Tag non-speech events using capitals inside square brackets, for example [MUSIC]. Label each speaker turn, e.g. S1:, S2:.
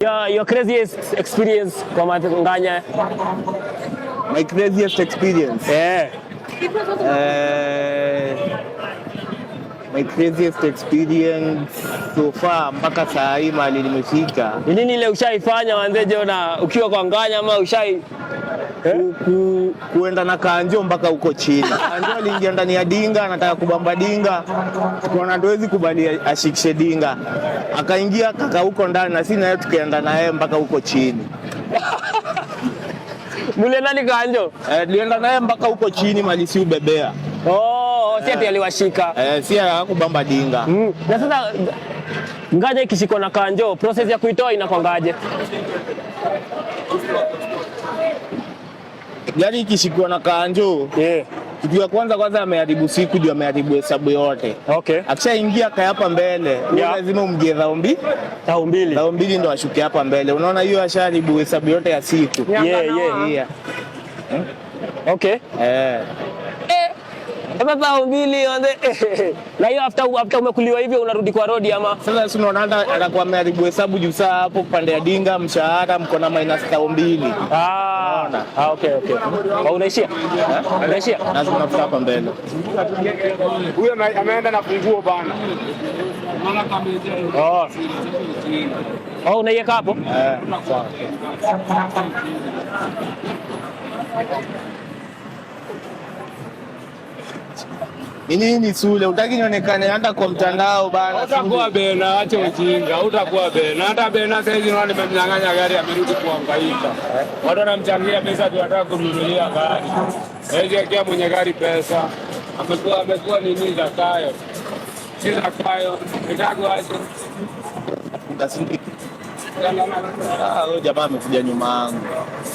S1: Your, your craziest experience kwa Matunganya.
S2: My craziest experience.
S1: Yeah. Uh,
S2: my craziest experience so far mpaka saa hii mali nimefika.
S1: Ni nini ile ushaifanya wanzejo na ukiwa kwa nganya ama ushai Eh?
S2: ku, ku, kuenda na Kanjo mpaka huko chini. Kanjo aliingia ndani ya dinga, anataka kubamba dinga, tukaona hatuwezi kubali ashikishe dinga, akaingia kaka huko ndani, na sisi naye tukaenda naye mpaka huko chini.
S1: [LAUGHS] Mlienda ni Kanjo?
S2: Eh, tulienda naye mpaka huko chini mali si ubebea.
S1: Oh, si ati eh. aliwashika.
S2: Eh, si akubamba dinga. Mm. Na sasa
S1: ngaja ikishikwa na Kanjo, process ya kuitoa inakwangaje?
S2: Yaani ikishikiwa na kanjo yeah. Kitu ya kwanza kwanza ameharibu siku juu ameharibu hesabu yote. Okay. Akishaingia kae hapa mbele, yeah. Lazima umgie dhao mbili. Dhao mbili. Dhao mbili ndo ashuke hapa mbele. Unaona hiyo ashaharibu hesabu yote ya siku. Yeah, yeah. Yeah.
S1: Eh? Okay. Eh. Sasa ubili on na hiyo after after umekuliwa hivyo unarudi kwa rodi ama
S2: sasa, si unaona atakuwa ameharibu hesabu juu saa hapo pande ya dinga mshahara mko na minus tao mbili.
S1: Ah, ah okay okay. unaishia? Eh? Unaishia?
S2: Lazima tunafuta hapa mbele.
S3: Huyo ameenda na funguo bana.
S1: Oh. Oh, unaiweka hapo?
S2: Eh, sawa.
S1: Ni nini Sule, utaki nionekane hata kwa mtandao bana.
S4: Utakuwa bena, acha ujinga, utakuwa bena. Hata bena sasa naona nimemnyang'anya gari amerudi kuangaika Watu wanamchangia pesa tu wanataka kumnunulia gari. Hizi akia mwenye gari pesa. Amekuwa amekuwa nini za kayo. Si za kayo, nitago aje.
S2: Ah, jamaa amekuja nyuma yangu.